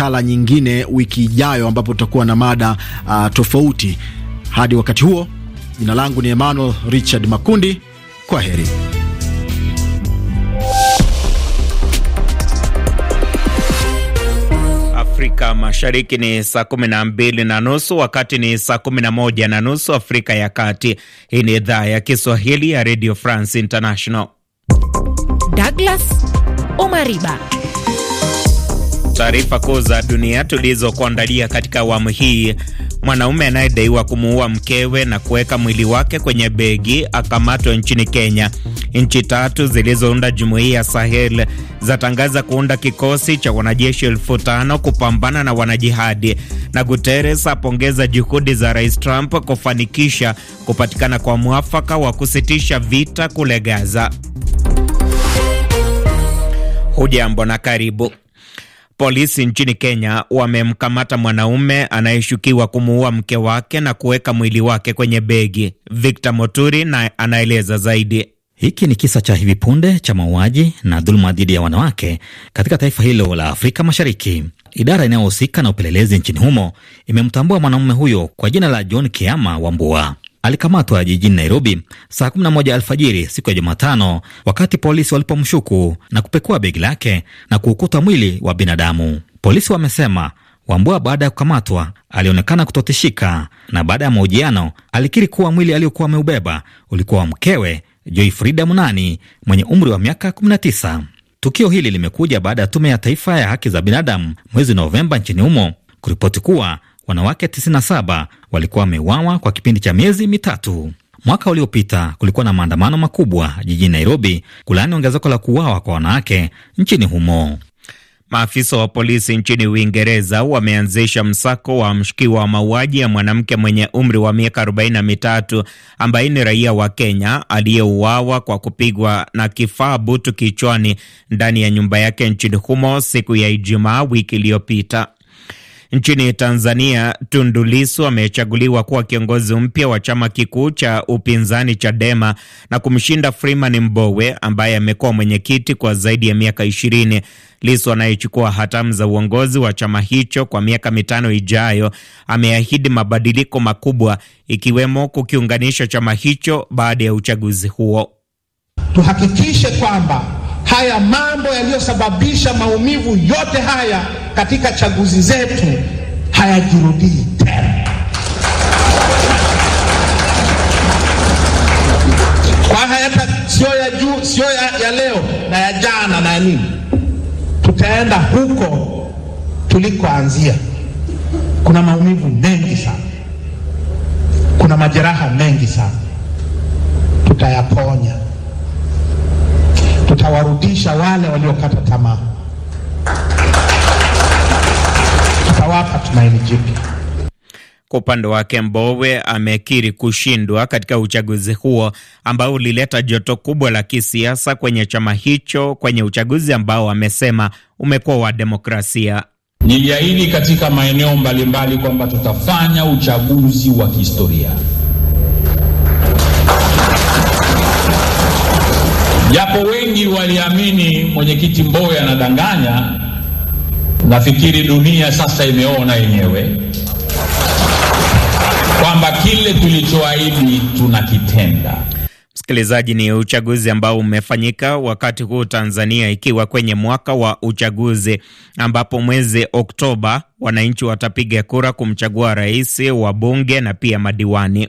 makala nyingine wiki ijayo, ambapo tutakuwa na mada uh, tofauti. Hadi wakati huo, jina langu ni Emmanuel Richard Makundi. Kwa heri. Afrika Mashariki ni saa kumi na mbili na nusu wakati ni saa kumi na moja na nusu Afrika ya Kati. Hii ni idhaa ya Kiswahili ya Radio France International. Douglas Omariba taarifa kuu za dunia tulizokuandalia katika awamu hii. Mwanaume anayedaiwa kumuua mkewe na kuweka mwili wake kwenye begi akamatwa nchini Kenya. Nchi tatu zilizounda jumuiya ya Sahel zatangaza kuunda kikosi cha wanajeshi elfu tano kupambana na wanajihadi. Na Guterres apongeza juhudi za Rais Trump kufanikisha kupatikana kwa mwafaka wa kusitisha vita kule Gaza. Hujambo na karibu. Polisi nchini Kenya wamemkamata mwanaume anayeshukiwa kumuua mke wake na kuweka mwili wake kwenye begi. Victor Moturi na anaeleza zaidi. Hiki ni kisa cha hivi punde cha mauaji na dhuluma dhidi ya wanawake katika taifa hilo la Afrika Mashariki. Idara inayohusika na upelelezi nchini humo imemtambua mwanaume huyo kwa jina la John Kiama Wambua alikamatwa jijini Nairobi saa 11 alfajiri siku ya Jumatano wakati polisi walipomshuku na kupekua begi lake na kuukuta mwili wa binadamu. Polisi wamesema Wambua baada ya kukamatwa alionekana kutotishika na baada ya mahojiano alikiri kuwa mwili aliyokuwa ameubeba ulikuwa wa mkewe Joy Frida Munani mwenye umri wa miaka 19. Tukio hili limekuja baada ya tume ya taifa ya haki za binadamu mwezi Novemba nchini humo kuripoti kuwa wanawake 97 walikuwa wameuawa kwa kipindi cha miezi mitatu. Mwaka uliopita kulikuwa na maandamano makubwa jijini Nairobi kulaani ongezeko la kuuawa kwa wanawake nchini humo. Maafisa wa polisi nchini Uingereza wameanzisha msako wa mshukiwa wa mauaji ya mwanamke mwenye umri wa miaka 43 ambaye ni raia wa Kenya aliyeuawa kwa kupigwa na kifaa butu kichwani ndani ya nyumba yake nchini humo siku ya Ijumaa wiki iliyopita. Nchini Tanzania, Tundu Lissu amechaguliwa kuwa kiongozi mpya wa chama kikuu cha upinzani Chadema na kumshinda Freeman Mbowe ambaye amekuwa mwenyekiti kwa zaidi ya miaka ishirini. Lissu anayechukua hatamu za uongozi wa chama hicho kwa miaka mitano ijayo ameahidi mabadiliko makubwa, ikiwemo kukiunganisha chama hicho baada ya uchaguzi huo. Tuhakikishe kwamba haya mambo yaliyosababisha maumivu yote haya katika chaguzi zetu hayajirudii tena. Kwa hata sio ya juu, sio ya, ya leo na ya jana na ya nini, tutaenda huko tulikoanzia. Kuna maumivu mengi sana, kuna majeraha mengi sana, tutayaponya tutawarudisha wale waliokata tamaa, tutawapa tumaini jipya. Kwa upande wake Mbowe amekiri kushindwa katika uchaguzi huo ambao ulileta joto kubwa la kisiasa kwenye chama hicho kwenye uchaguzi ambao amesema umekuwa wa demokrasia. Niliahidi katika maeneo mbalimbali kwamba tutafanya uchaguzi wa kihistoria Japo wengi waliamini mwenyekiti Mbowe anadanganya, nafikiri dunia sasa imeona yenyewe kwamba kile tulichoahidi tunakitenda. Msikilizaji, ni uchaguzi ambao umefanyika wakati huu Tanzania ikiwa kwenye mwaka wa uchaguzi, ambapo mwezi Oktoba wananchi watapiga kura kumchagua rais, wabunge na pia madiwani.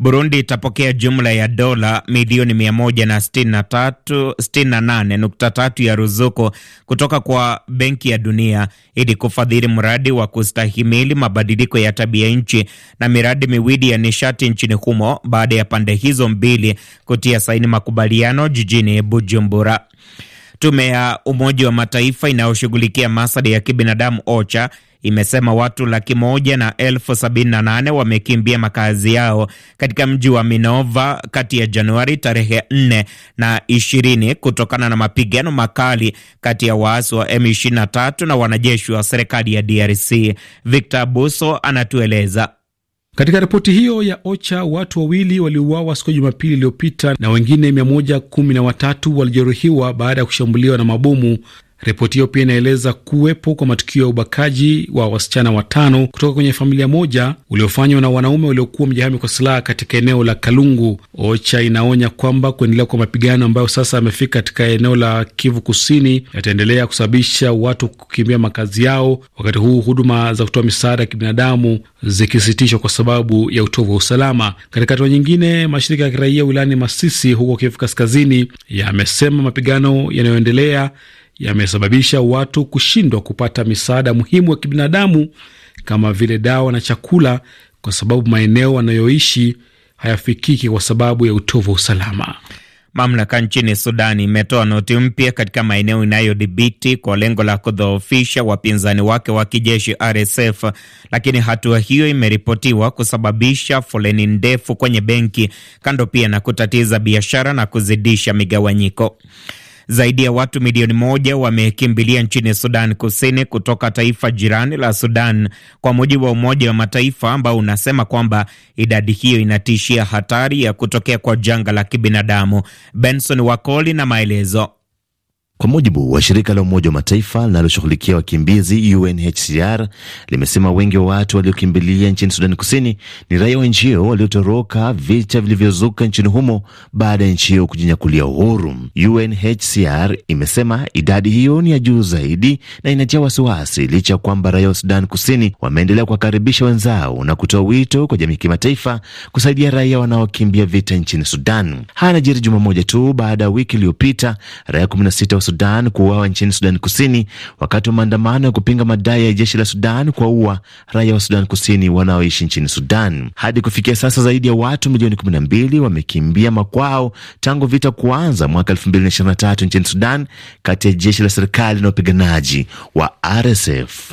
Burundi itapokea jumla ya dola milioni 168.3 ya ruzuku kutoka kwa Benki ya Dunia ili kufadhili mradi wa kustahimili mabadiliko ya tabia nchi na miradi miwili ya nishati nchini humo baada ya pande hizo mbili kutia saini makubaliano jijini Bujumbura. Tume ya Umoja wa Mataifa inayoshughulikia masali ya kibinadamu OCHA imesema watu laki moja na elfu sabini na nane wamekimbia makazi yao katika mji wa Minova kati ya Januari tarehe 4 na 20 kutokana na mapigano makali kati ya waasi wa M23 na wanajeshi wa serikali ya DRC. Victor Buso anatueleza. Katika ripoti hiyo ya OCHA watu wawili waliuawa siku ya Jumapili iliyopita na wengine 113 walijeruhiwa baada ya kushambuliwa na mabomu Ripoti hiyo pia inaeleza kuwepo kwa matukio ya ubakaji wa wasichana watano kutoka kwenye familia moja uliofanywa na wanaume waliokuwa wamejihami kwa silaha katika eneo la Kalungu. OCHA inaonya kwamba kuendelea kwa mapigano ambayo sasa yamefika katika eneo la Kivu Kusini yataendelea kusababisha watu kukimbia makazi yao, wakati huu huduma za kutoa misaada ya kibinadamu zikisitishwa kwa sababu ya utovu wa usalama. Katika hatua nyingine, mashirika ya kiraia wilayani Masisi huko Kivu Kaskazini yamesema mapigano yanayoendelea yamesababisha watu kushindwa kupata misaada muhimu ya kibinadamu kama vile dawa na chakula, kwa sababu maeneo wanayoishi hayafikiki kwa sababu ya utovu wa usalama. Mamlaka nchini Sudani imetoa noti mpya katika maeneo inayodhibiti kwa lengo la kudhoofisha wapinzani wake wa kijeshi RSF, lakini hatua hiyo imeripotiwa kusababisha foleni ndefu kwenye benki, kando pia na kutatiza biashara na kuzidisha migawanyiko. Zaidi ya watu milioni moja wamekimbilia nchini Sudan Kusini kutoka taifa jirani la Sudan, kwa mujibu wa Umoja wa Mataifa ambao unasema kwamba idadi hiyo inatishia hatari ya kutokea kwa janga la kibinadamu. Benson Wakoli na maelezo kwa mujibu wa shirika la Umoja wa Mataifa linaloshughulikia wakimbizi UNHCR limesema wengi wa watu waliokimbilia nchini Sudani Kusini ni raia wa nchi hiyo waliotoroka vita vilivyozuka nchini humo baada ya nchi hiyo kujinyakulia uhuru. UNHCR imesema idadi hiyo ni ya juu zaidi na inatia wasiwasi, licha ya kwamba raia wa Sudani Kusini wameendelea kuwakaribisha wenzao na kutoa wito kwa jamii kimataifa kusaidia raia wanaokimbia vita nchini Sudan. Haya yanajiri juma moja tu baada ya wiki iliyopita raia 16 Sudan kuuawa nchini Sudan Kusini wakati wa maandamano ya kupinga madai ya jeshi la Sudan kuwaua raia wa Sudan Kusini wanaoishi nchini Sudan. Hadi kufikia sasa zaidi ya watu milioni 12 wamekimbia makwao tangu vita kuanza mwaka 2023 nchini Sudan kati ya jeshi la serikali na wapiganaji wa RSF.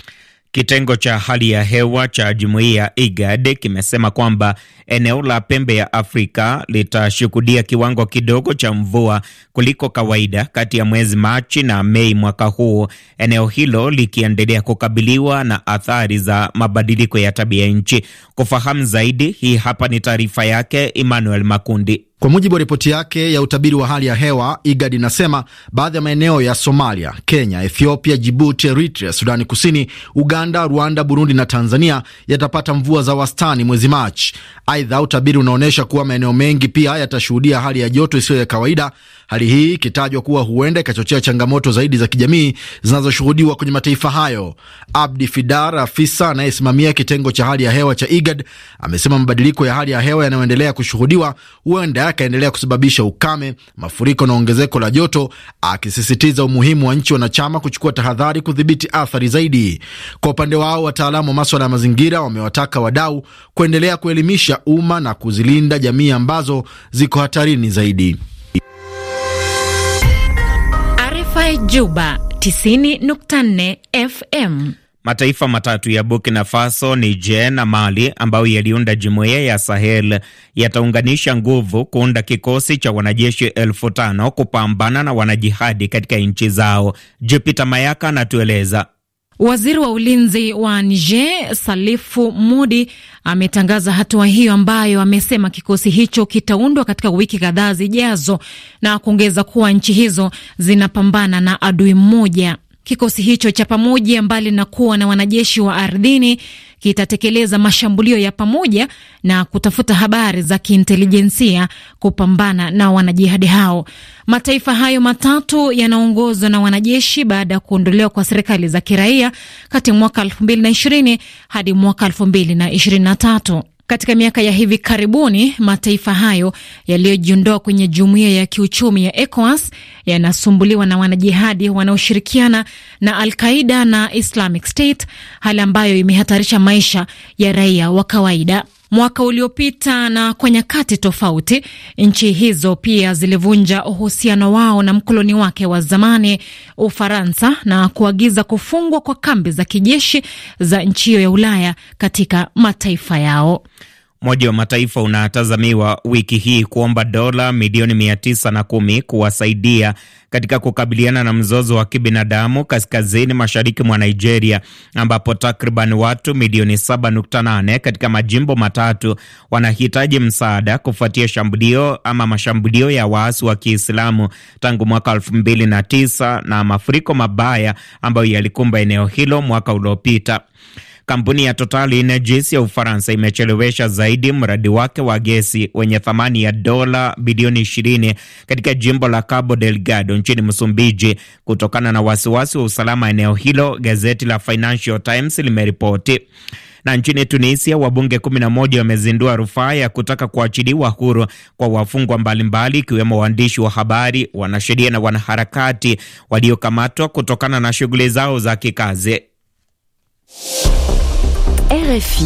Kitengo cha hali ya hewa cha jumuiya ya IGAD kimesema kwamba eneo la pembe ya Afrika litashuhudia kiwango kidogo cha mvua kuliko kawaida kati ya mwezi Machi na Mei mwaka huu, eneo hilo likiendelea kukabiliwa na athari za mabadiliko ya tabia nchi. Kufahamu zaidi, hii hapa ni taarifa yake Emmanuel Makundi. Kwa mujibu wa ripoti yake ya utabiri wa hali ya hewa, IGAD inasema baadhi ya maeneo ya Somalia, Kenya, Ethiopia, Jibuti, Eritrea, Sudani Kusini, Uganda, Rwanda, Burundi na Tanzania yatapata mvua za wastani mwezi Machi. Aidha, utabiri unaonyesha kuwa maeneo mengi pia yatashuhudia hali ya joto isiyo ya kawaida hali hii ikitajwa kuwa huenda ikachochea changamoto zaidi za kijamii zinazoshuhudiwa kwenye mataifa hayo. Abdi Fidar, afisa anayesimamia kitengo cha hali ya hewa cha IGAD, amesema mabadiliko ya hali ya hewa yanayoendelea kushuhudiwa huenda yakaendelea kusababisha ukame, mafuriko na ongezeko la joto, akisisitiza umuhimu wa nchi wanachama kuchukua tahadhari kudhibiti athari zaidi. Kwa upande wao, wataalamu wa maswala ya mazingira wamewataka wadau kuendelea kuelimisha umma na kuzilinda jamii ambazo ziko hatarini zaidi. RFI Juba 90.4 FM. Mataifa matatu ya Burkina Faso, Niger na Mali ambayo yaliunda jumuiya ya Sahel yataunganisha nguvu kuunda kikosi cha wanajeshi elfu tano kupambana na wanajihadi katika nchi zao. Jupiter Mayaka anatueleza. Waziri wa ulinzi wa Niger Salifu Mudi ametangaza hatua hiyo ambayo amesema kikosi hicho kitaundwa katika wiki kadhaa zijazo na kuongeza kuwa nchi hizo zinapambana na adui mmoja. Kikosi hicho cha pamoja, mbali na kuwa na wanajeshi wa ardhini, kitatekeleza mashambulio ya pamoja na kutafuta habari za kiintelijensia kupambana na wanajihadi hao. Mataifa hayo matatu yanaongozwa na wanajeshi baada ya kuondolewa kwa serikali za kiraia kati ya mwaka 2020 hadi mwaka 2023. Katika miaka ya hivi karibuni, mataifa hayo yaliyojiondoa kwenye jumuiya ya kiuchumi ya ECOWAS yanasumbuliwa na wanajihadi wanaoshirikiana na Al-Qaida na Islamic State, hali ambayo imehatarisha maisha ya raia wa kawaida mwaka uliopita, na kwa nyakati tofauti nchi hizo pia zilivunja uhusiano wao na mkoloni wake wa zamani Ufaransa na kuagiza kufungwa kwa kambi za kijeshi za nchi hiyo ya Ulaya katika mataifa yao. Umoja wa Mataifa unatazamiwa wiki hii kuomba dola milioni mia tisa na kumi kuwasaidia katika kukabiliana na mzozo wa kibinadamu kaskazini mashariki mwa Nigeria, ambapo takriban watu milioni 7.8 katika majimbo matatu wanahitaji msaada kufuatia shambulio ama mashambulio ya waasi wa Kiislamu tangu mwaka 2009 na mafuriko mabaya ambayo yalikumba eneo hilo mwaka uliopita. Kampuni ya Total Energies ya Ufaransa imechelewesha zaidi mradi wake wa gesi wenye thamani ya dola bilioni 20 katika jimbo la Cabo Delgado nchini Msumbiji kutokana na wasiwasi wa usalama eneo hilo, gazeti la Financial Times limeripoti. Na nchini Tunisia wabunge 11 wamezindua rufaa ya kutaka kuachiliwa huru kwa wafungwa mbalimbali ikiwemo waandishi wa habari, wanasheria na wanaharakati waliokamatwa kutokana na shughuli zao za kikazi. RFI.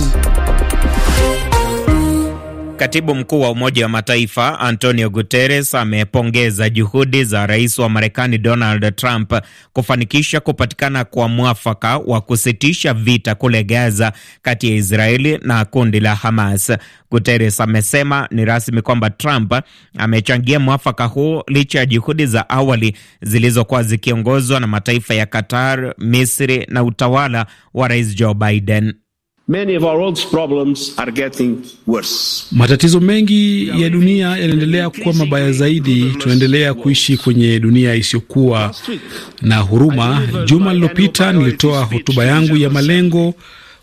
Katibu mkuu wa Umoja wa Mataifa Antonio Guterres amepongeza juhudi za rais wa Marekani Donald Trump kufanikisha kupatikana kwa mwafaka wa kusitisha vita kule Gaza kati ya Israeli na kundi la Hamas. Guterres amesema ni rasmi kwamba Trump amechangia mwafaka huu licha ya juhudi za awali zilizokuwa zikiongozwa na mataifa ya Qatar, Misri na utawala wa rais Joe Biden. Many of our problems are getting worse. Matatizo mengi ya dunia yanaendelea kuwa mabaya zaidi. Tunaendelea kuishi kwenye dunia isiyokuwa na huruma. Juma lililopita nilitoa hotuba yangu ya malengo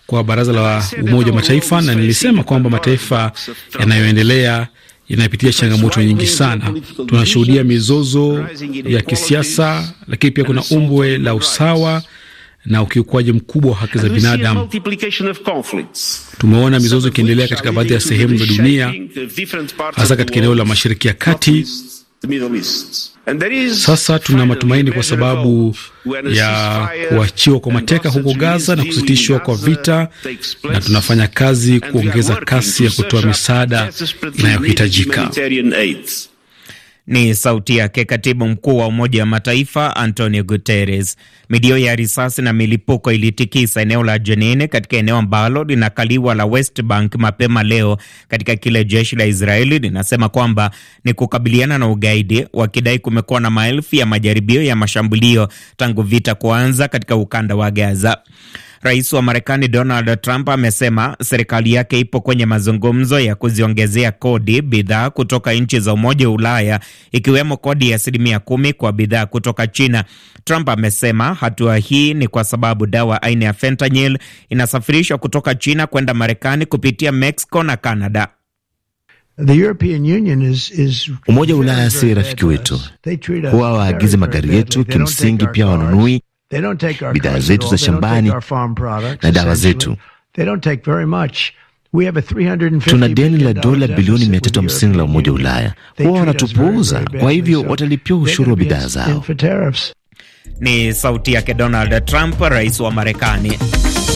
kwa Baraza la Umoja wa Mataifa na nilisema kwamba mataifa yanayoendelea yanayopitia changamoto nyingi sana. Tunashuhudia mizozo ya kisiasa, lakini pia kuna umbwe la usawa na ukiukwaji mkubwa wa haki za binadamu. Tumeona mizozo ikiendelea katika baadhi ya sehemu za dunia, hasa katika eneo la Mashariki ya Kati. Sasa tuna matumaini kwa sababu ya kuachiwa kwa mateka huko Gaza na kusitishwa kwa vita, na tunafanya kazi kuongeza kasi ya kutoa misaada inayohitajika. Ni sauti yake katibu mkuu wa Umoja wa Mataifa Antonio Guterres. midio ya risasi na milipuko ilitikisa eneo la jenine katika eneo ambalo linakaliwa la West Bank mapema leo, katika kile jeshi la Israeli linasema kwamba ni kukabiliana na ugaidi, wakidai kumekuwa na maelfu ya majaribio ya mashambulio tangu vita kuanza katika ukanda wa Gaza. Rais wa Marekani Donald Trump amesema serikali yake ipo kwenye mazungumzo ya kuziongezea kodi bidhaa kutoka nchi za Umoja wa Ulaya, ikiwemo kodi ya asilimia kumi kwa bidhaa kutoka China. Trump amesema hatua hii ni kwa sababu dawa aina ya fentanyl inasafirishwa kutoka China kwenda Marekani kupitia Mexico na Canada. Umoja wa Ulaya si rafiki wetu, huwa waagizi magari yetu, kimsingi pia wanunui bidhaa zetu za shambani na dawa zetu. Tuna deni la dola bilioni 350 la Umoja wa Ulaya, huwa wanatupuuza. Kwa hivyo watalipia ushuru wa bidhaa zao. Ni sauti yake Donald Trump, rais wa Marekani.